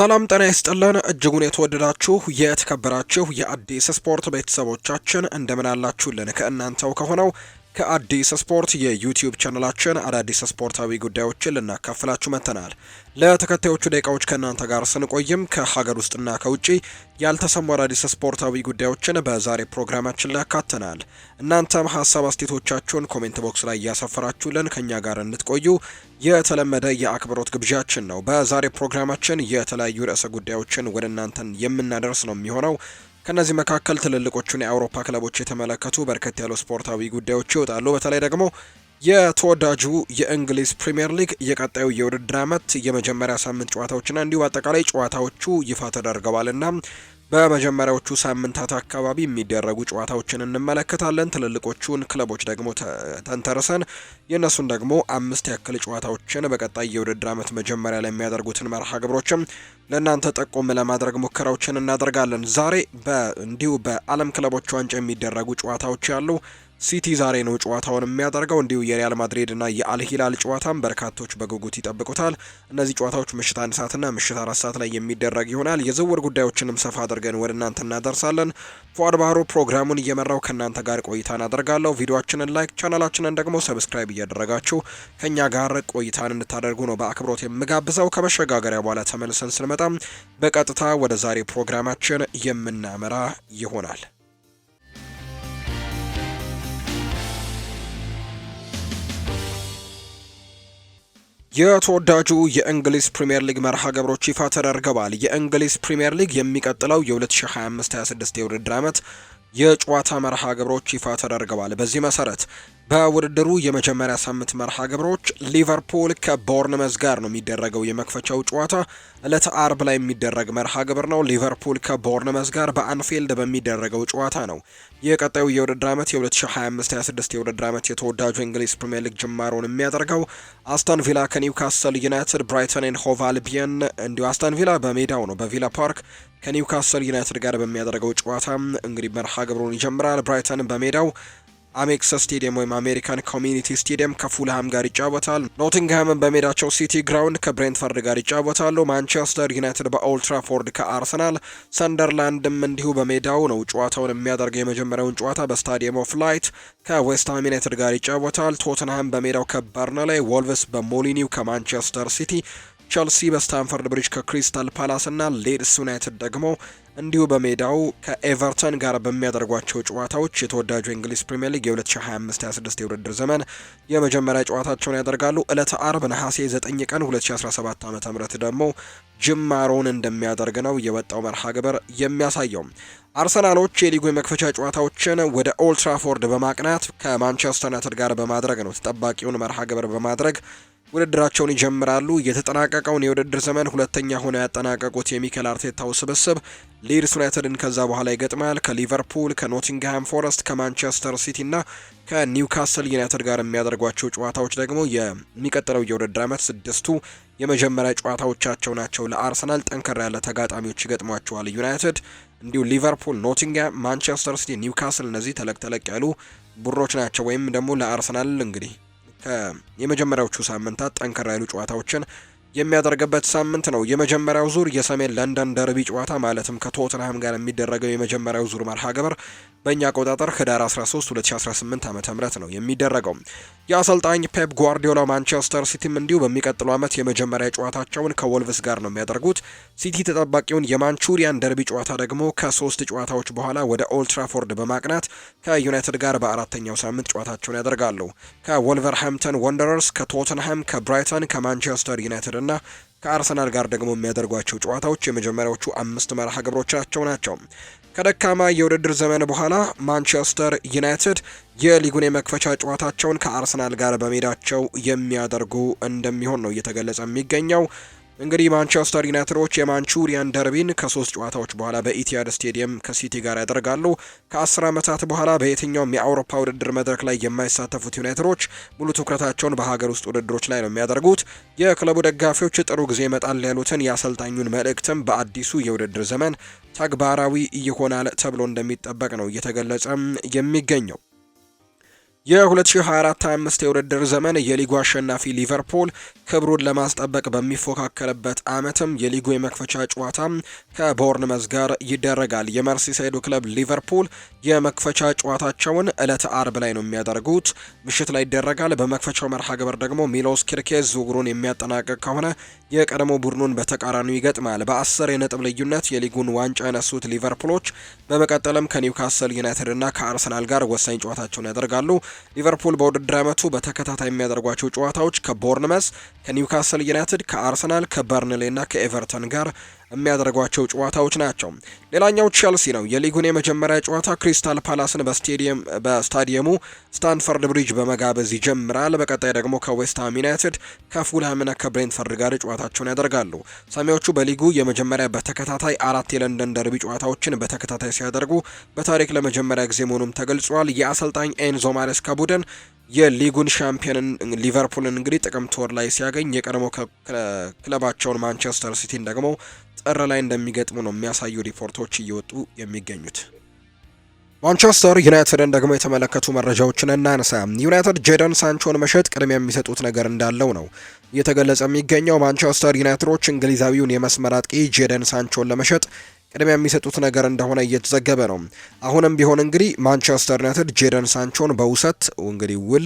ሰላም ጤና ይስጥልን እጅጉን የተወደዳችሁ የተከበራችሁ የአዲስ ስፖርት ቤተሰቦቻችን እንደምን አላችሁልን? ከእናንተው ከሆነው ከአዲስ ስፖርት የዩቲዩብ ቻናላችን አዳዲስ ስፖርታዊ ጉዳዮችን ልናካፍላችሁ መጥተናል። ለተከታዮቹ ደቂቃዎች ከእናንተ ጋር ስንቆይም ከሀገር ውስጥና ከውጭ ያልተሰሙ አዳዲስ ስፖርታዊ ጉዳዮችን በዛሬ ፕሮግራማችን ላይ ያካተናል። እናንተም ሀሳብ አስቴቶቻችሁን ኮሜንት ቦክስ ላይ እያሰፈራችሁልን ከእኛ ጋር እንድትቆዩ የተለመደ የአክብሮት ግብዣችን ነው። በዛሬ ፕሮግራማችን የተለያዩ ርዕሰ ጉዳዮችን ወደ እናንተን የምናደርስ ነው የሚሆነው ከእነዚህ መካከል ትልልቆቹን የአውሮፓ ክለቦች የተመለከቱ በርከት ያሉ ስፖርታዊ ጉዳዮች ይወጣሉ። በተለይ ደግሞ የተወዳጁ የእንግሊዝ ፕሪምየር ሊግ የቀጣዩ የውድድር ዓመት የመጀመሪያ ሳምንት ጨዋታዎችና እንዲሁ አጠቃላይ ጨዋታዎቹ ይፋ ተደርገዋልና በመጀመሪያዎቹ ሳምንታት አካባቢ የሚደረጉ ጨዋታዎችን እንመለከታለን። ትልልቆቹን ክለቦች ደግሞ ተንተርሰን የእነሱን ደግሞ አምስት ያክል ጨዋታዎችን በቀጣይ የውድድር ዓመት መጀመሪያ ላይ የሚያደርጉትን መርሃ ግብሮችም ለእናንተ ጠቆም ለማድረግ ሙከራዎችን እናደርጋለን። ዛሬ እንዲሁ በዓለም ክለቦች ዋንጫ የሚደረጉ ጨዋታዎች ያሉ ሲቲ ዛሬ ነው ጨዋታውን የሚያደርገው። እንዲሁ የሪያል ማድሪድ እና የአልሂላል ጨዋታም በርካቶች በጉጉት ይጠብቁታል። እነዚህ ጨዋታዎች ምሽት አንድ ሰዓትና ምሽት አራት ሰዓት ላይ የሚደረግ ይሆናል። የዝውውር ጉዳዮችንም ሰፋ አድርገን ወደ እናንተ እናደርሳለን። ፏድ ባህሩ ፕሮግራሙን እየመራው ከእናንተ ጋር ቆይታን አደርጋለሁ። ቪዲዮችንን ላይክ፣ ቻናላችንን ደግሞ ሰብስክራይብ እያደረጋችሁ ከእኛ ጋር ቆይታን እንድታደርጉ ነው በአክብሮት የምጋብዘው። ከመሸጋገሪያ በኋላ ተመልሰን ስንመጣም በቀጥታ ወደ ዛሬ ፕሮግራማችን የምናመራ ይሆናል። የተወዳጁ የእንግሊዝ ፕሪምየር ሊግ መርሃ ግብሮች ይፋ ተደርገዋል። የእንግሊዝ ፕሪምየር ሊግ የሚቀጥለው የ2025/26 የውድድር ዓመት የጨዋታ መርሃ ግብሮች ይፋ ተደርገዋል። በዚህ መሰረት በውድድሩ የመጀመሪያ ሳምንት መርሃ ግብሮች ሊቨርፑል ከቦርንመዝ ጋር ነው የሚደረገው የመክፈቻው ጨዋታ። ዕለተ አርብ ላይ የሚደረግ መርሃ ግብር ነው። ሊቨርፑል ከቦርንመዝ ጋር በአንፊልድ በሚደረገው ጨዋታ ነው። የቀጣዩ የውድድር ዓመት የ2025/26 የውድድር ዓመት የተወዳጁ እንግሊዝ ፕሪምየር ሊግ ጅማሮን የሚያደርገው አስተን ቪላ ከኒውካስል ዩናይትድ፣ ብራይተንን ሆቭ አልቢየን እንዲሁ አስተን ቪላ በሜዳው ነው በቪላ ፓርክ ከኒውካስል ዩናይትድ ጋር በሚያደርገው ጨዋታ እንግዲህ መርሃ ግብሩን ይጀምራል። ብራይተን በሜዳው አሜክስ ስቴዲየም ወይም አሜሪካን ኮሚኒቲ ስቴዲየም ከፉልሃም ጋር ይጫወታል። ኖቲንግሃምን በሜዳቸው ሲቲ ግራውንድ ከብሬንትፈርድ ጋር ይጫወታሉ። ማንቸስተር ዩናይትድ በኦልትራፎርድ ከአርሰናል፣ ሰንደርላንድም እንዲሁ በሜዳው ነው ጨዋታውን የሚያደርገው። የመጀመሪያውን ጨዋታ በስታዲየም ኦፍ ላይት ከዌስትሃም ዩናይትድ ጋር ይጫወታል። ቶትንሃም በሜዳው ላይ ወልቭስ በሞሊኒው ከማንቸስተር ሲቲ ቸልሲ በስታንፈርድ ብሪጅ ከክሪስታል ፓላስ እና ሌድስ ዩናይትድ ደግሞ እንዲሁ በሜዳው ከኤቨርተን ጋር በሚያደርጓቸው ጨዋታዎች የተወዳጁ እንግሊዝ ፕሪምየር ሊግ የ2025/26 የውድድር ዘመን የመጀመሪያ ጨዋታቸውን ያደርጋሉ። ዕለተ አርብ ነሐሴ 9 ቀን 2017 ዓ ም ደግሞ ጅማሮውን እንደሚያደርግ ነው የወጣው መርሃ ግብር የሚያሳየው። አርሰናሎች የሊጉ የመክፈቻ ጨዋታዎችን ወደ ኦልትራፎርድ በማቅናት ከማንቸስተር ዩናይትድ ጋር በማድረግ ነው ተጠባቂውን መርሃ ግብር በማድረግ ውድድራቸውን ይጀምራሉ። የተጠናቀቀውን የውድድር ዘመን ሁለተኛ ሆነው ያጠናቀቁት የሚኬል አርቴታው ስብስብ ሊድስ ዩናይትድን ከዛ በኋላ ይገጥማል። ከሊቨርፑል፣ ከኖቲንግሃም ፎረስት፣ ከማንቸስተር ሲቲ እና ከኒውካስል ዩናይትድ ጋር የሚያደርጓቸው ጨዋታዎች ደግሞ የሚቀጥለው የውድድር ዓመት ስድስቱ የመጀመሪያ ጨዋታዎቻቸው ናቸው። ለአርሰናል ጠንከር ያለ ተጋጣሚዎች ይገጥሟቸዋል ዩናይትድ እንዲሁ ሊቨርፑል፣ ኖቲንግሃም፣ ማንቸስተር ሲቲ፣ ኒውካስል እነዚህ ተለቅ ተለቅ ያሉ ቡድኖች ናቸው ወይም ደግሞ ለአርሰናል እንግዲህ የመጀመሪያዎቹ ሳምንታት ጠንከር ያሉ ጨዋታዎችን የሚያደርግበት ሳምንት ነው። የመጀመሪያው ዙር የሰሜን ለንደን ደርቢ ጨዋታ ማለትም ከቶትንሃም ጋር የሚደረገው የመጀመሪያው ዙር መርሃ ግብር በእኛ አቆጣጠር ህዳር 13 2018 ዓ ም ነው የሚደረገው። የአሰልጣኝ ፔፕ ጓርዲዮላ ማንቸስተር ሲቲም እንዲሁ በሚቀጥለው ዓመት የመጀመሪያ ጨዋታቸውን ከወልቭስ ጋር ነው የሚያደርጉት። ሲቲ ተጠባቂውን የማንቹሪያን ደርቢ ጨዋታ ደግሞ ከሶስት ጨዋታዎች በኋላ ወደ ኦልትራፎርድ በማቅናት ከዩናይትድ ጋር በአራተኛው ሳምንት ጨዋታቸውን ያደርጋሉ። ከወልቨርሃምፕተን ወንደረርስ፣ ከቶትንሃም፣ ከብራይተን፣ ከማንቸስተር ዩናይትድ ዩናይትድና ከአርሰናል ጋር ደግሞ የሚያደርጓቸው ጨዋታዎች የመጀመሪያዎቹ አምስት መርሃ ግብሮቻቸው ናቸው። ከደካማ የውድድር ዘመን በኋላ ማንቸስተር ዩናይትድ የሊጉን የመክፈቻ ጨዋታቸውን ከአርሰናል ጋር በሜዳቸው የሚያደርጉ እንደሚሆን ነው እየተገለጸ የሚገኘው። እንግዲህ ማንቸስተር ዩናይትዶች የማንቹሪያን ደርቢን ከሶስት ጨዋታዎች በኋላ በኢቲያድ ስቴዲየም ከሲቲ ጋር ያደርጋሉ። ከአስር ዓመታት በኋላ በየትኛውም የአውሮፓ ውድድር መድረክ ላይ የማይሳተፉት ዩናይትዶች ሙሉ ትኩረታቸውን በሀገር ውስጥ ውድድሮች ላይ ነው የሚያደርጉት። የክለቡ ደጋፊዎች ጥሩ ጊዜ ይመጣል ያሉትን የአሰልጣኙን መልእክትም በአዲሱ የውድድር ዘመን ተግባራዊ ይሆናል ተብሎ እንደሚጠበቅ ነው እየተገለጸ የሚገኘው። የ2024/25 የውድድር ዘመን የሊጉ አሸናፊ ሊቨርፑል ክብሩን ለማስጠበቅ በሚፎካከርበት ዓመትም የሊጉ የመክፈቻ ጨዋታ ከቦርንመዝ ጋር ይደረጋል። የመርሲሳይዱ ክለብ ሊቨርፑል የመክፈቻ ጨዋታቸውን ዕለተ አርብ ላይ ነው የሚያደርጉት፣ ምሽት ላይ ይደረጋል። በመክፈቻው መርሃ ግብር ደግሞ ሚሎስ ኪርኬዝ ዝውውሩን የሚያጠናቅቅ ከሆነ የቀድሞ ቡድኑን በተቃራኒው ይገጥማል። በአስር የነጥብ ልዩነት የሊጉን ዋንጫ ያነሱት ሊቨርፑሎች በመቀጠልም ከኒውካስል ዩናይትድ ና ከአርሰናል ጋር ወሳኝ ጨዋታቸውን ያደርጋሉ። ሊቨርፑል በውድድር ዓመቱ በተከታታይ የሚያደርጓቸው ጨዋታዎች ከቦርንመስ፣ ከኒውካስል ዩናይትድ፣ ከአርሰናል፣ ከበርንሌ እና ከኤቨርተን ጋር የሚያደርጓቸው ጨዋታዎች ናቸው። ሌላኛው ቼልሲ ነው። የሊጉን የመጀመሪያ ጨዋታ ክሪስታል ፓላስን በስቴዲየም በስታዲየሙ ስታንፈርድ ብሪጅ በመጋበዝ ይጀምራል። በቀጣይ ደግሞ ከዌስትሃም ዩናይትድ ከፉልሃምና ከብሬንትፈርድ ጋር ጨዋታቸውን ያደርጋሉ። ሰሜዎቹ በሊጉ የመጀመሪያ በተከታታይ አራት የለንደን ደርቢ ጨዋታዎችን በተከታታይ ሲያደርጉ በታሪክ ለመጀመሪያ ጊዜ መሆኑም ተገልጿል። የአሰልጣኝ ኤንዞ ማሬስካ ቡድን የሊጉን ሻምፒዮንን ሊቨርፑልን እንግዲህ ጥቅምት ወር ላይ ሲያገኝ የቀድሞ ክለባቸውን ማንቸስተር ሲቲን ደግሞ ጥር ላይ እንደሚገጥሙ ነው የሚያሳዩ ሪፖርቶች እየወጡ የሚገኙት። ማንቸስተር ዩናይትድን ደግሞ የተመለከቱ መረጃዎችን እናነሳ። ዩናይትድ ጄደን ሳንቾን መሸጥ ቅድሚያ የሚሰጡት ነገር እንዳለው ነው እየተገለጸ የሚገኘው። ማንቸስተር ዩናይትዶች እንግሊዛዊውን የመስመር አጥቂ ጄደን ሳንቾን ለመሸጥ ቅድሚያ የሚሰጡት ነገር እንደሆነ እየተዘገበ ነው። አሁንም ቢሆን እንግዲህ ማንቸስተር ዩናይትድ ጄደን ሳንቾን በውሰት እንግዲህ ውል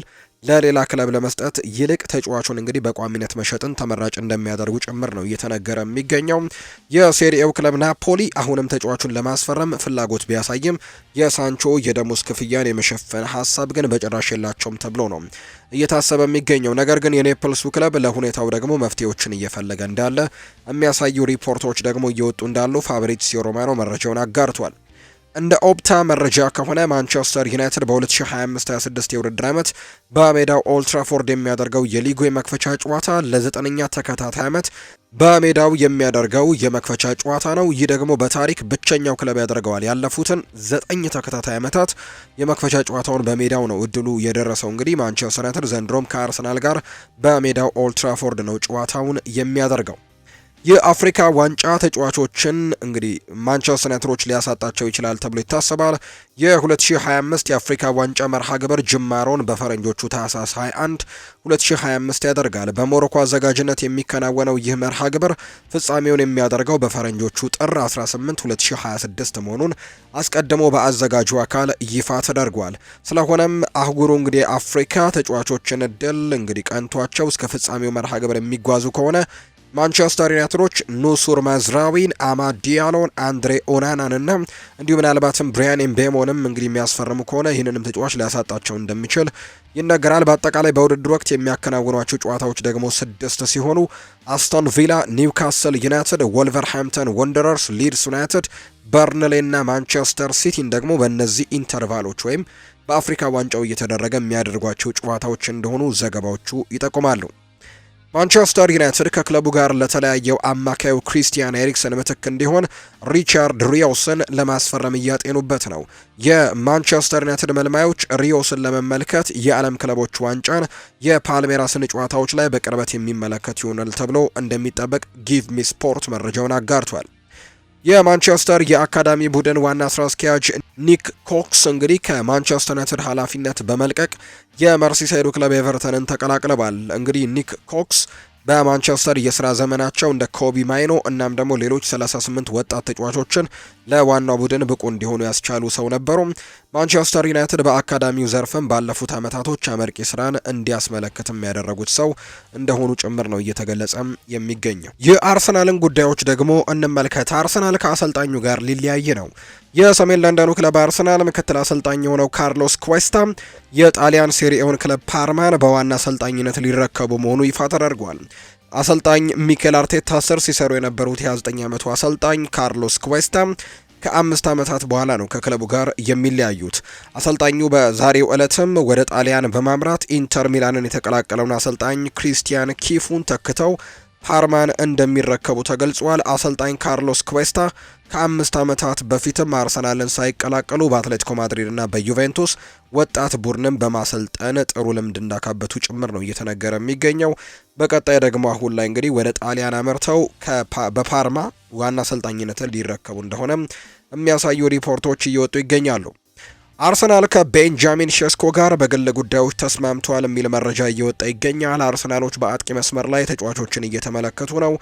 ለሌላ ክለብ ለመስጠት ይልቅ ተጫዋቹን እንግዲህ በቋሚነት መሸጥን ተመራጭ እንደሚያደርጉ ጭምር ነው እየተነገረ የሚገኘው። የሴሪኤው ክለብ ናፖሊ አሁንም ተጫዋቹን ለማስፈረም ፍላጎት ቢያሳይም የሳንቾ የደሞዝ ክፍያን የመሸፈን ሀሳብ ግን በጭራሽ የላቸውም ተብሎ ነው እየታሰበ የሚገኘው። ነገር ግን የኔፕልሱ ክለብ ለሁኔታው ደግሞ መፍትሄዎችን እየፈለገ እንዳለ የሚያሳዩ ሪፖርቶች ደግሞ እየወጡ እንዳሉ ፋብሪዚዮ ሮማኖ መረጃውን አጋርቷል። እንደ ኦፕታ መረጃ ከሆነ ማንቸስተር ዩናይትድ በ2025/26 የውድድር ዓመት በሜዳው ኦልትራፎርድ የሚያደርገው የሊጉ የመክፈቻ ጨዋታ ለዘጠነኛ ተከታታይ ዓመት በሜዳው የሚያደርገው የመክፈቻ ጨዋታ ነው። ይህ ደግሞ በታሪክ ብቸኛው ክለብ ያደርገዋል። ያለፉትን ዘጠኝ ተከታታይ ዓመታት የመክፈቻ ጨዋታውን በሜዳው ነው እድሉ የደረሰው። እንግዲህ ማንቸስተር ዩናይትድ ዘንድሮም ከአርሰናል ጋር በሜዳው ኦልትራፎርድ ነው ጨዋታውን የሚያደርገው። የአፍሪካ ዋንጫ ተጫዋቾችን እንግዲህ ማንቸስተር ዩናይትዶች ሊያሳጣቸው ይችላል ተብሎ ይታሰባል። የ2025 የአፍሪካ ዋንጫ መርሃ ግብር ጅማሮን በፈረንጆቹ ታህሳስ 21 2025 ያደርጋል። በሞሮኮ አዘጋጅነት የሚከናወነው ይህ መርሃ ግብር ፍጻሜውን የሚያደርገው በፈረንጆቹ ጥር 18 2026 መሆኑን አስቀድሞ በአዘጋጁ አካል ይፋ ተደርጓል። ስለሆነም አህጉሩ እንግዲህ የአፍሪካ ተጫዋቾችን እድል እንግዲህ ቀንቷቸው እስከ ፍጻሜው መርሃ ግብር የሚጓዙ ከሆነ ማንቸስተር ዩናይትዶች ኑሱር መዝራዊን፣ አማድ ዲያሎን፣ አንድሬ ኦናናንና እንዲሁ ምናልባትም ብሪያን ኤምቤሞንም እንግዲህ የሚያስፈርሙ ከሆነ ይህንንም ተጫዋች ሊያሳጣቸው እንደሚችል ይነገራል። በአጠቃላይ በውድድር ወቅት የሚያከናውኗቸው ጨዋታዎች ደግሞ ስድስት ሲሆኑ አስቶን ቪላ፣ ኒውካስል ዩናይትድ፣ ወልቨርሃምፕተን ወንደረርስ፣ ሊድስ ዩናይትድ፣ በርንሌና ማንቸስተር ሲቲን ደግሞ በእነዚህ ኢንተርቫሎች ወይም በአፍሪካ ዋንጫው እየተደረገ የሚያደርጓቸው ጨዋታዎች እንደሆኑ ዘገባዎቹ ይጠቁማሉ። ማንቸስተር ዩናይትድ ከክለቡ ጋር ለተለያየው አማካዩ ክሪስቲያን ኤሪክሰን ምትክ እንዲሆን ሪቻርድ ሪዮስን ለማስፈረም እያጤኑበት ነው። የማንቸስተር ዩናይትድ መልማዮች ሪዮስን ለመመልከት የዓለም ክለቦች ዋንጫን፣ የፓልሜራስን ጨዋታዎች ላይ በቅርበት የሚመለከት ይሆናል ተብሎ እንደሚጠበቅ ጊቭ ሚ ስፖርት መረጃውን አጋርቷል። የማንቸስተር የአካዳሚ ቡድን ዋና ስራ አስኪያጅ ኒክ ኮክስ እንግዲህ ከማንቸስተር ዩናይትድ ኃላፊነት በመልቀቅ የመርሲሳይዱ ክለብ ኤቨርተንን ተቀላቅለዋል። እንግዲህ ኒክ ኮክስ በማንቸስተር የስራ ዘመናቸው እንደ ኮቢ ማይኖ እናም ደግሞ ሌሎች 38 ወጣት ተጫዋቾችን ለዋናው ቡድን ብቁ እንዲሆኑ ያስቻሉ ሰው ነበሩ። ማንቸስተር ዩናይትድ በአካዳሚው ዘርፍም ባለፉት ዓመታቶች አመርቂ ስራን እንዲያስመለክትም ያደረጉት ሰው እንደሆኑ ጭምር ነው እየተገለጸም የሚገኘው። የአርሰናልን ጉዳዮች ደግሞ እንመልከት። አርሰናል ከአሰልጣኙ ጋር ሊለያይ ነው። የሰሜን ለንደኑ ክለብ አርሰናል ምክትል አሰልጣኝ የሆነው ካርሎስ ኩዌስታ የጣሊያን ሴሪኤውን ክለብ ፓርማን በዋና አሰልጣኝነት ሊረከቡ መሆኑ ይፋ ተደርጓል። አሰልጣኝ ሚኬል አርቴታ ስር ሲሰሩ የነበሩት የ29 ዓመቱ አሰልጣኝ ካርሎስ ኩዌስታ ከአምስት ዓመታት በኋላ ነው ከክለቡ ጋር የሚለያዩት። አሰልጣኙ በዛሬው ዕለትም ወደ ጣሊያን በማምራት ኢንተር ሚላንን የተቀላቀለውን አሰልጣኝ ክሪስቲያን ኪፉን ተክተው ፓርማን እንደሚረከቡ ተገልጿል። አሰልጣኝ ካርሎስ ክዌስታ ከአምስት ዓመታት በፊትም አርሰናልን ሳይቀላቀሉ በአትሌቲኮ ማድሪድ እና በዩቬንቱስ ወጣት ቡድንም በማሰልጠን ጥሩ ልምድ እንዳካበቱ ጭምር ነው እየተነገረ የሚገኘው። በቀጣይ ደግሞ አሁን ላይ እንግዲህ ወደ ጣሊያን አመርተው በፓርማ ዋና አሰልጣኝነትን ሊረከቡ እንደሆነ የሚያሳዩ ሪፖርቶች እየወጡ ይገኛሉ። አርሰናል ከቤንጃሚን ሸስኮ ጋር በግል ጉዳዮች ተስማምተዋል የሚል መረጃ እየወጣ ይገኛል። አርሰናሎች በአጥቂ መስመር ላይ ተጫዋቾችን እየተመለከቱ ነው።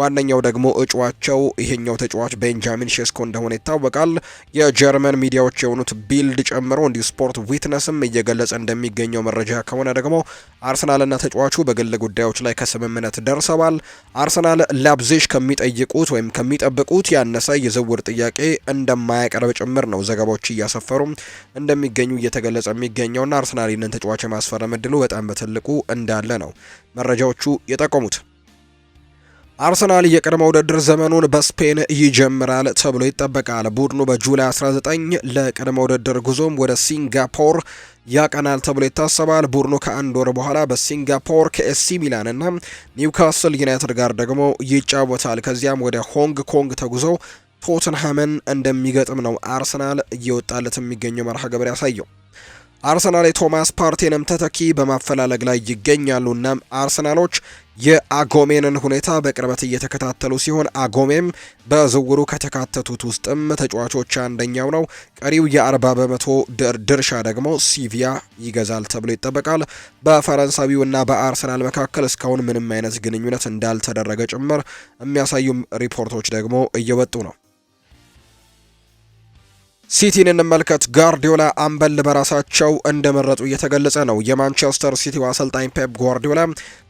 ዋነኛው ደግሞ እጩዋቸው ይሄኛው ተጫዋች ቤንጃሚን ሸስኮ እንደሆነ ይታወቃል። የጀርመን ሚዲያዎች የሆኑት ቢልድ ጨምሮ እንዲሁ ስፖርት ዊትነስም እየገለጸ እንደሚገኘው መረጃ ከሆነ ደግሞ አርሰናልና ተጫዋቹ በግል ጉዳዮች ላይ ከስምምነት ደርሰዋል። አርሰናል ላብዜሽ ከሚጠይቁት ወይም ከሚጠብቁት ያነሰ የዝውውር ጥያቄ እንደማያቀርብ ጭምር ነው ዘገባዎች እያሰፈሩ እንደሚገኙ እየተገለጸ የሚገኘውና አርሰናል ይህንን ተጫዋች የማስፈረም እድሉ በጣም በትልቁ እንዳለ ነው መረጃዎቹ የጠቆሙት። አርሰናል የቅድመ ውድድር ዘመኑን በስፔን ይጀምራል ተብሎ ይጠበቃል። ቡድኑ በጁላይ 19 ለቅድመ ውድድር ጉዞም ወደ ሲንጋፖር ያቀናል ተብሎ ይታሰባል። ቡድኑ ከአንድ ወር በኋላ በሲንጋፖር ከኤሲ ሚላን እና ኒውካስል ዩናይትድ ጋር ደግሞ ይጫወታል። ከዚያም ወደ ሆንግ ኮንግ ተጉዞ ቶተንሃምን እንደሚገጥም ነው አርሰናል እየወጣለት የሚገኘው መርሃ ግብር ያሳየው። አርሰናል የቶማስ ፓርቴንም ተተኪ በማፈላለግ ላይ ይገኛሉ። እናም አርሰናሎች የአጎሜንን ሁኔታ በቅርበት እየተከታተሉ ሲሆን አጎሜም በዝውውሩ ከተካተቱት ውስጥም ተጫዋቾች አንደኛው ነው። ቀሪው የ40 በመቶ ድርሻ ደግሞ ሲቪያ ይገዛል ተብሎ ይጠበቃል። በፈረንሳዊውና በአርሰናል መካከል እስካሁን ምንም አይነት ግንኙነት እንዳልተደረገ ጭምር የሚያሳዩ ሪፖርቶች ደግሞ እየወጡ ነው። ሲቲን እንመልከት። ጓርዲዮላ አምበል በራሳቸው እንደመረጡ እየተገለጸ ነው። የማንቸስተር ሲቲው አሰልጣኝ ፔፕ ጓርዲዮላ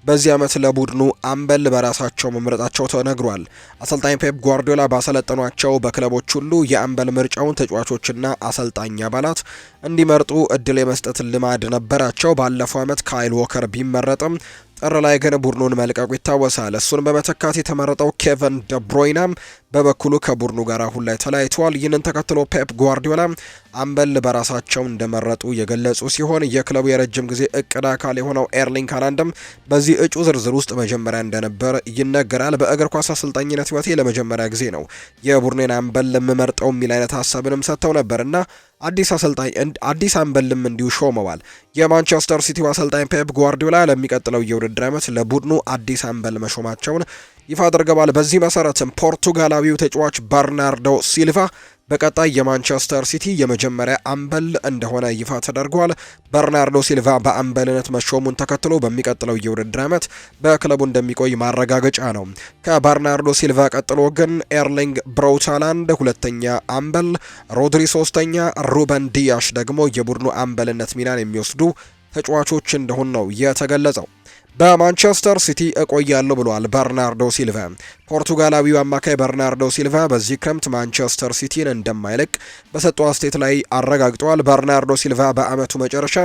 በዚህ ዓመት ለቡድኑ አምበል በራሳቸው መምረጣቸው ተነግሯል። አሰልጣኝ ፔፕ ጓርዲዮላ ባሰለጠኗቸው በክለቦች ሁሉ የአምበል ምርጫውን ተጫዋቾችና አሰልጣኝ አባላት እንዲመርጡ እድል የመስጠት ልማድ ነበራቸው። ባለፈው ዓመት ካይል ዎከር ቢመረጥም ጥር ላይ ግን ቡድኑን መልቀቁ ይታወሳል። እሱን በመተካት የተመረጠው ኬቨን ደብሮይናም በበኩሉ ከቡድኑ ጋር አሁን ላይ ተለያይተዋል። ይህንን ተከትሎ ፔፕ ጓርዲዮላ አምበል በራሳቸው እንደመረጡ የገለጹ ሲሆን የክለቡ የረጅም ጊዜ እቅድ አካል የሆነው ኤርሊንግ ሃላንድም በዚህ እጩ ዝርዝር ውስጥ መጀመሪያ እንደነበር ይነገራል። በእግር ኳስ አሰልጣኝነት ህይወቴ ለመጀመሪያ ጊዜ ነው የቡድኔን አምበል የምመርጠው የሚል አይነት ሀሳብንም ሰጥተው ነበርና አዲስ አሰልጣኝ አዲስ አምበልም እንዲሁ ሾመዋል። የማንቸስተር ሲቲው አሰልጣኝ ፔፕ ጓርዲዮላ ለሚቀጥለው የውድድር ዓመት ለቡድኑ አዲስ አምበል መሾማቸውን ይፋ አድርገዋል። በዚህ መሰረትም ፖርቱጋላዊው ተጫዋች በርናርዶ ሲልቫ በቀጣይ የማንቸስተር ሲቲ የመጀመሪያ አምበል እንደሆነ ይፋ ተደርጓል። በርናርዶ ሲልቫ በአምበልነት መሾሙን ተከትሎ በሚቀጥለው የውድድር ዓመት በክለቡ እንደሚቆይ ማረጋገጫ ነው። ከበርናርዶ ሲልቫ ቀጥሎ ግን ኤርሊንግ ብሮውታላንድ ሁለተኛ አምበል፣ ሮድሪ ሶስተኛ፣ ሩበን ዲያሽ ደግሞ የቡድኑ አምበልነት ሚናን የሚወስዱ ተጫዋቾች እንደሆን ነው የተገለጸው። በማንቸስተር ሲቲ እቆያለሁ ብሏል በርናርዶ ሲልቫ። ፖርቱጋላዊው አማካይ በርናርዶ ሲልቫ በዚህ ክረምት ማንቸስተር ሲቲን እንደማይለቅ በሰጠው አስተያየት ላይ አረጋግጧል። በርናርዶ ሲልቫ በዓመቱ መጨረሻ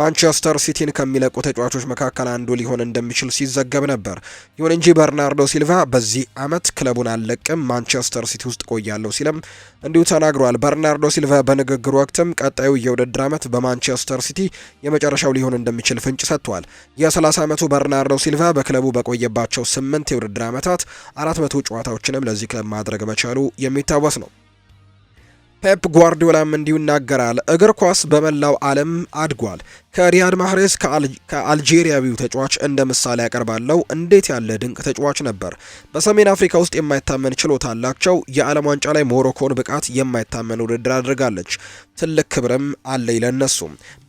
ማንቸስተር ሲቲን ከሚለቁ ተጫዋቾች መካከል አንዱ ሊሆን እንደሚችል ሲዘገብ ነበር። ይሁን እንጂ በርናርዶ ሲልቫ በዚህ ዓመት ክለቡን አልለቅም፣ ማንቸስተር ሲቲ ውስጥ ቆያለሁ ሲልም እንዲሁ ተናግሯል። በርናርዶ ሲልቫ በንግግሩ ወቅትም ቀጣዩ የውድድር ዓመት በማንቸስተር ሲቲ የመጨረሻው ሊሆን እንደሚችል ፍንጭ ሰጥቷል። የ30 ዓመቱ በርናርዶ ሲልቫ በክለቡ በቆየባቸው ስምንት የውድድር ዓመታት አራት መቶ ጨዋታዎችንም ለዚህ ክለብ ማድረግ መቻሉ የሚታወስ ነው። ፔፕ ጓርዲዮላም እንዲሁ ይናገራል። እግር ኳስ በመላው ዓለም አድጓል። ከሪያድ ማህሬስ ከአልጄሪያዊው ተጫዋች እንደ ምሳሌ ያቀርባለው። እንዴት ያለ ድንቅ ተጫዋች ነበር! በሰሜን አፍሪካ ውስጥ የማይታመን ችሎታ አላቸው። የዓለም ዋንጫ ላይ ሞሮኮን ብቃት የማይታመን ውድድር አድርጋለች። ትልቅ ክብርም አለ ይለነሱ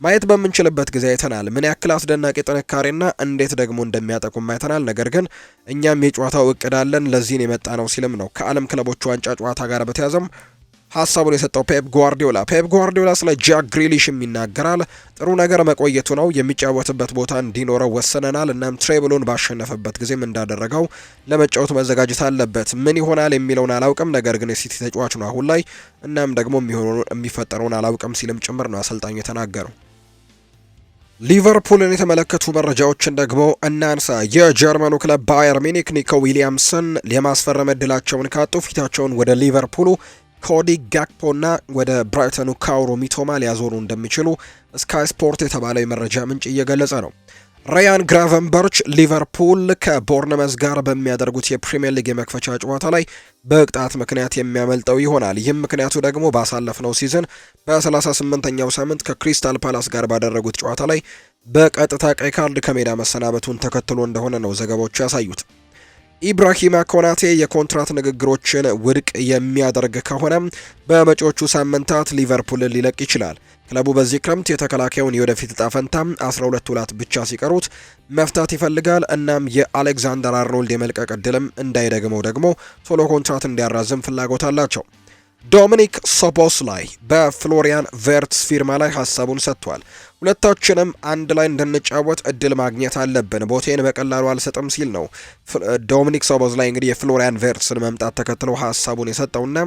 ማየት በምንችልበት ጊዜ አይተናል። ምን ያክል አስደናቂ ጥንካሬና እንዴት ደግሞ እንደሚያጠቁም አይተናል። ነገር ግን እኛም የጨዋታው እቅድ አለን፣ ለዚህን የመጣ ነው ሲልም ነው ከዓለም ክለቦች ዋንጫ ጨዋታ ጋር በተያዘም ሀሳቡን የሰጠው ፔፕ ጓርዲዮላ። ፔፕ ጓርዲዮላ ስለ ጃክ ግሪሊሽም ይናገራል። ጥሩ ነገር መቆየቱ ነው። የሚጫወትበት ቦታ እንዲኖረው ወስነናል። እናም ትሬብሎን ባሸነፈበት ጊዜም እንዳደረገው ለመጫወት መዘጋጀት አለበት። ምን ይሆናል የሚለውን አላውቅም፣ ነገር ግን የሲቲ ተጫዋች ነው አሁን ላይ። እናም ደግሞ የሚፈጠረውን አላውቅም ሲልም ጭምር ነው አሰልጣኙ የተናገረው። ሊቨርፑልን የተመለከቱ መረጃዎችን ደግሞ እናንሳ። የጀርመኑ ክለብ ባየር ሚኒክ ኒኮ ዊሊያምስን የማስፈረም እድላቸውን ካጡ ፊታቸውን ወደ ሊቨርፑሉ ኮዲ ጋክፖና ወደ ብራይተኑ ካውሮ ሚቶማ ሊያዞሩ እንደሚችሉ ስካይ ስፖርት የተባለው የመረጃ ምንጭ እየገለጸ ነው። ራያን ግራቨንበርች ሊቨርፑል ከቦርነመስ ጋር በሚያደርጉት የፕሪምየር ሊግ የመክፈቻ ጨዋታ ላይ በቅጣት ምክንያት የሚያመልጠው ይሆናል። ይህም ምክንያቱ ደግሞ ባሳለፍነው ሲዝን በ38ኛው ሳምንት ከክሪስታል ፓላስ ጋር ባደረጉት ጨዋታ ላይ በቀጥታ ቀይ ካርድ ከሜዳ መሰናበቱን ተከትሎ እንደሆነ ነው ዘገባዎቹ ያሳዩት። ኢብራሂማ ኮናቴ የኮንትራት ንግግሮችን ውድቅ የሚያደርግ ከሆነ በመጪዎቹ ሳምንታት ሊቨርፑልን ሊለቅ ይችላል። ክለቡ በዚህ ክረምት የተከላካዩን የወደፊት እጣ ፈንታ 12 ውላት ብቻ ሲቀሩት መፍታት ይፈልጋል። እናም የአሌክዛንደር አርኖልድ የመልቀቅ ዕድልም እንዳይደግመው ደግሞ ቶሎ ኮንትራት እንዲያራዝም ፍላጎት አላቸው። ዶሚኒክ ሶፖስ ላይ በፍሎሪያን ቨርትስ ፊርማ ላይ ሀሳቡን ሰጥቷል። ሁለታችንም አንድ ላይ እንድንጫወት እድል ማግኘት አለብን፣ ቦቴን በቀላሉ አልሰጥም ሲል ነው ዶሚኒክ ሶፖስ ላይ እንግዲህ የፍሎሪያን ቨርትስን መምጣት ተከትሎ ሀሳቡን የሰጠውና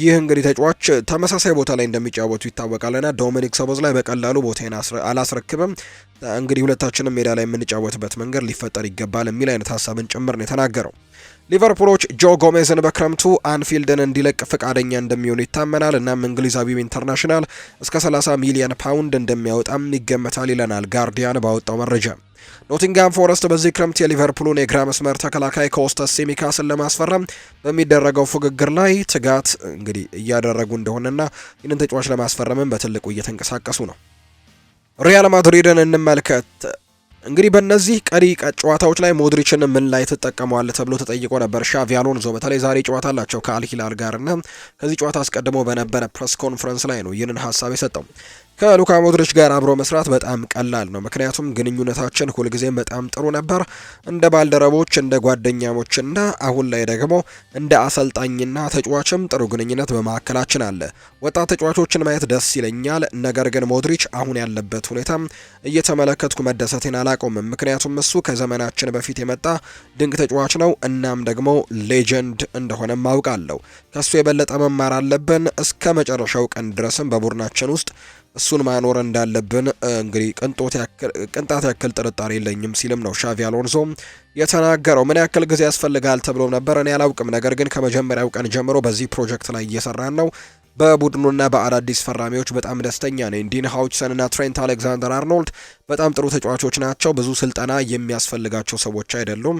ይህ እንግዲህ ተጫዋች ተመሳሳይ ቦታ ላይ እንደሚጫወቱ ይታወቃልና ዶሚኒክ ሶቦዝ ላይ በቀላሉ ቦቴን አላስረክብም፣ እንግዲህ ሁለታችንም ሜዳ ላይ የምንጫወትበት መንገድ ሊፈጠር ይገባል የሚል አይነት ሀሳብን ጭምር ነው የተናገረው። ሊቨርፑሎች ጆ ጎሜዝን በክረምቱ አንፊልድን እንዲለቅ ፈቃደኛ እንደሚሆኑ ይታመናል። እናም እንግሊዛዊው ኢንተርናሽናል እስከ 30 ሚሊዮን ፓውንድ እንደሚያወጣም ይገመታል ይለናል ጋርዲያን ባወጣው መረጃ። ኖቲንጋም ፎረስት በዚህ ክረምት የሊቨርፑሉን የግራ መስመር ተከላካይ ኮስተስ ሲሚካስን ለማስፈረም በሚደረገው ፉግግር ላይ ትጋት እንግዲህ እያደረጉ እንደሆነና ይህንን ተጫዋች ለማስፈረምም በትልቁ እየተንቀሳቀሱ ነው። ሪያል ማድሪድን እንመልከት። እንግዲህ በእነዚህ ቀሪ ጨዋታዎች ላይ ሞድሪችን ምን ላይ ትጠቀመዋል ተብሎ ተጠይቆ ነበር ሻቪ አሎንዞ። በተለይ ዛሬ ጨዋታ አላቸው ከአልሂላል ጋር ና ከዚህ ጨዋታ አስቀድሞ በነበረ ፕሬስ ኮንፈረንስ ላይ ነው ይህንን ሀሳብ የሰጠው። ከሉካ ሞድሪች ጋር አብሮ መስራት በጣም ቀላል ነው፣ ምክንያቱም ግንኙነታችን ሁልጊዜም በጣም ጥሩ ነበር፣ እንደ ባልደረቦች፣ እንደ ጓደኛሞችና አሁን ላይ ደግሞ እንደ አሰልጣኝና ተጫዋችም ጥሩ ግንኙነት በመካከላችን አለ። ወጣት ተጫዋቾችን ማየት ደስ ይለኛል፣ ነገር ግን ሞድሪች አሁን ያለበት ሁኔታ እየተመለከትኩ መደሰቴን አላቆምም፣ ምክንያቱም እሱ ከዘመናችን በፊት የመጣ ድንቅ ተጫዋች ነው። እናም ደግሞ ሌጀንድ እንደሆነ ማውቃለሁ። ከሱ የበለጠ መማር አለብን። እስከ መጨረሻው ቀን ድረስም በቡድናችን ውስጥ እሱን ማኖር እንዳለብን እንግዲህ ቅንጣት ያክል ጥርጣሬ የለኝም ሲልም ነው ሻቪ አሎንሶ የተናገረው። ምን ያክል ጊዜ ያስፈልጋል ተብሎ ነበር፣ እኔ አላውቅም። ነገር ግን ከመጀመሪያው ቀን ጀምሮ በዚህ ፕሮጀክት ላይ እየሰራን ነው። በቡድኑና በአዳዲስ ፈራሚዎች በጣም ደስተኛ ነኝ። ዲን ሃውችሰንና ትሬንት አሌክዛንደር አርኖልድ በጣም ጥሩ ተጫዋቾች ናቸው። ብዙ ስልጠና የሚያስፈልጋቸው ሰዎች አይደሉም።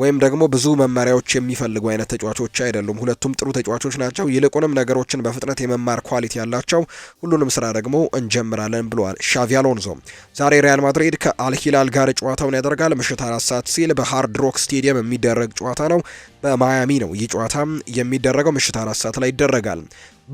ወይም ደግሞ ብዙ መመሪያዎች የሚፈልጉ አይነት ተጫዋቾች አይደሉም። ሁለቱም ጥሩ ተጫዋቾች ናቸው። ይልቁንም ነገሮችን በፍጥነት የመማር ኳሊቲ ያላቸው፣ ሁሉንም ስራ ደግሞ እንጀምራለን ብለዋል ሻቪ አሎንዞ። ዛሬ ሪያል ማድሪድ ከአልሂላል ጋር ጨዋታውን ያደርጋል። ምሽት አራት ሰዓት ሲል በሃርድ ሮክ ስቴዲየም የሚደረግ ጨዋታ ነው። በማያሚ ነው ይህ ጨዋታ የሚደረገው፣ ምሽት አራት ሰዓት ላይ ይደረጋል።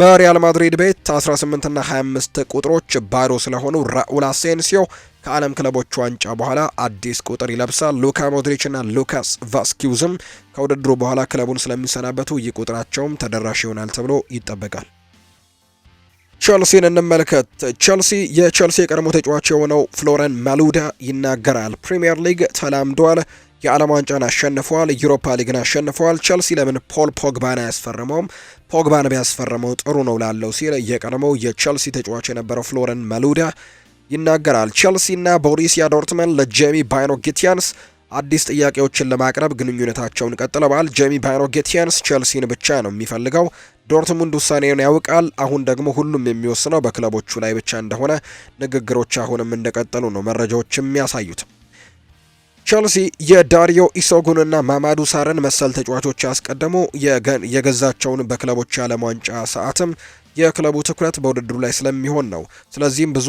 በሪያል ማድሪድ ቤት 18 እና 25 ቁጥሮች ባዶ ስለሆኑ ራኡል አሴንሲዮ ከዓለም ክለቦች ዋንጫ በኋላ አዲስ ቁጥር ይለብሳል። ሉካ ሞድሪችና ሉካስ ቫስኪውዝም ከውድድሩ በኋላ ክለቡን ስለሚሰናበቱ ይህ ቁጥራቸውም ተደራሽ ይሆናል ተብሎ ይጠበቃል። ቸልሲን እንመልከት። ቸልሲ የቸልሲ የቀድሞ ተጫዋች የሆነው ፍሎረን ማሉዳ ይናገራል። ፕሪምየር ሊግ ተላምዷል። የዓለም ዋንጫን አሸንፈዋል። ዩሮፓ ሊግን አሸንፈዋል። ቸልሲ ለምን ፖል ፖግባን አያስፈርመውም? ፖግባን ቢያስፈርመው ጥሩ ነው ላለው ሲል የቀድሞው የቸልሲ ተጫዋች የነበረው ፍሎረን ማሉዳ ይናገራል። ቼልሲና ቦሪሲያ ዶርትመን ለጄሚ ባይኖ ጊቲያንስ አዲስ ጥያቄዎችን ለማቅረብ ግንኙነታቸውን ቀጥለዋል። ጄሚ ባይኖ ጌቲያንስ ቼልሲን ብቻ ነው የሚፈልገው። ዶርትሙንድ ውሳኔውን ያውቃል። አሁን ደግሞ ሁሉም የሚወስነው በክለቦቹ ላይ ብቻ እንደሆነ ንግግሮች አሁንም እንደቀጠሉ ነው መረጃዎች የሚያሳዩት። ቼልሲ የዳሪዮ ኢሶጉንና ማማዱ ሳርን መሰል ተጫዋቾች ያስቀደሙ የገዛቸውን በክለቦች ያለም ዋንጫ ሰዓትም የክለቡ ትኩረት በውድድሩ ላይ ስለሚሆን ነው። ስለዚህም ብዙ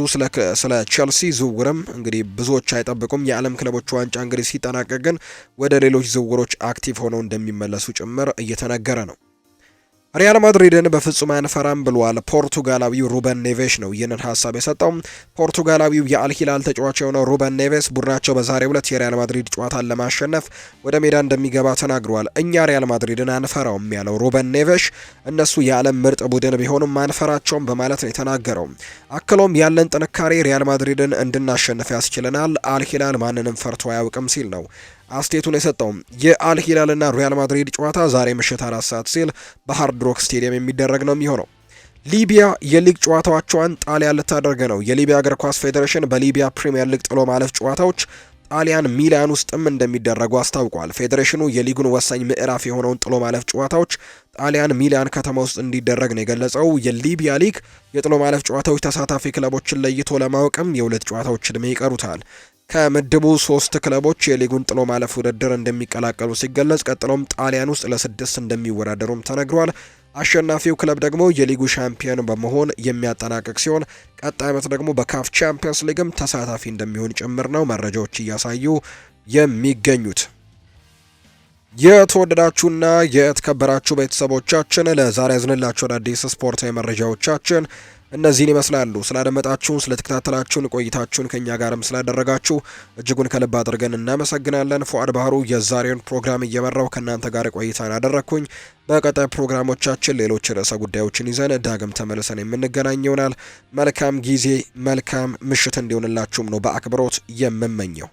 ስለ ቸልሲ ዝውውርም እንግዲህ ብዙዎች አይጠብቁም። የዓለም ክለቦች ዋንጫ እንግዲህ ሲጠናቀቅ ግን ወደ ሌሎች ዝውውሮች አክቲቭ ሆነው እንደሚመለሱ ጭምር እየተነገረ ነው። ሪያል ማድሪድን በፍጹም አንፈራም ብሏል። ፖርቱጋላዊው ሩበን ኔቬሽ ነው ይህንን ሀሳብ የሰጠው። ፖርቱጋላዊው የአልሂላል ተጫዋች የሆነው ሩበን ኔቬስ ቡድናቸው በዛሬው ዕለት የሪያል ማድሪድ ጨዋታን ለማሸነፍ ወደ ሜዳ እንደሚገባ ተናግሯል። እኛ ሪያል ማድሪድን አንፈራውም ያለው ሩበን ኔቬሽ እነሱ የዓለም ምርጥ ቡድን ቢሆኑም አንፈራቸውም በማለት ነው የተናገረው። አክሎም ያለን ጥንካሬ ሪያል ማድሪድን እንድናሸንፍ ያስችለናል። አልሂላል ማንንም ፈርቶ አያውቅም ሲል ነው አስቴቱን የሰጠው የአልሂላልና ሪያል ማድሪድ ጨዋታ ዛሬ ምሽት አራት ሰዓት ሲል በሃርድ ሮክ ስቴዲየም የሚደረግ ነው የሚሆነው። ሊቢያ የሊግ ጨዋታዎቿን ጣሊያን ልታደርግ ነው። የሊቢያ እግር ኳስ ፌዴሬሽን በሊቢያ ፕሪምየር ሊግ ጥሎ ማለፍ ጨዋታዎች ጣሊያን ሚላን ውስጥም እንደሚደረጉ አስታውቋል። ፌዴሬሽኑ የሊጉን ወሳኝ ምዕራፍ የሆነውን ጥሎ ማለፍ ጨዋታዎች ጣሊያን ሚላን ከተማ ውስጥ እንዲደረግ ነው የገለጸው። የሊቢያ ሊግ የጥሎ ማለፍ ጨዋታዎች ተሳታፊ ክለቦችን ለይቶ ለማወቅም የሁለት ጨዋታዎች ዕድሜ ይቀሩታል። ከምድቡ ሶስት ክለቦች የሊጉን ጥሎ ማለፍ ውድድር እንደሚቀላቀሉ ሲገለጽ ቀጥሎም ጣሊያን ውስጥ ለስድስት እንደሚወዳደሩም ተነግሯል። አሸናፊው ክለብ ደግሞ የሊጉ ሻምፒዮን በመሆን የሚያጠናቅቅ ሲሆን ቀጣይ ዓመት ደግሞ በካፍ ቻምፒየንስ ሊግም ተሳታፊ እንደሚሆን ጭምር ነው መረጃዎች እያሳዩ የሚገኙት። የተወደዳችሁና የተከበራችሁ ቤተሰቦቻችን ለዛሬ ያዝንላችሁ አዳዲስ ስፖርታዊ መረጃዎቻችን እነዚህን ይመስላሉ። ስላደመጣችሁን፣ ስለተከታተላችሁን፣ ቆይታችሁን ከእኛ ጋርም ስላደረጋችሁ እጅጉን ከልብ አድርገን እናመሰግናለን። ፉአድ ባህሩ የዛሬውን ፕሮግራም እየመራው ከእናንተ ጋር ቆይታን አደረግኩኝ። በቀጣይ ፕሮግራሞቻችን ሌሎች ርዕሰ ጉዳዮችን ይዘን ዳግም ተመልሰን የምንገናኝ ይሆናል። መልካም ጊዜ፣ መልካም ምሽት እንዲሆንላችሁም ነው በአክብሮት የምመኘው።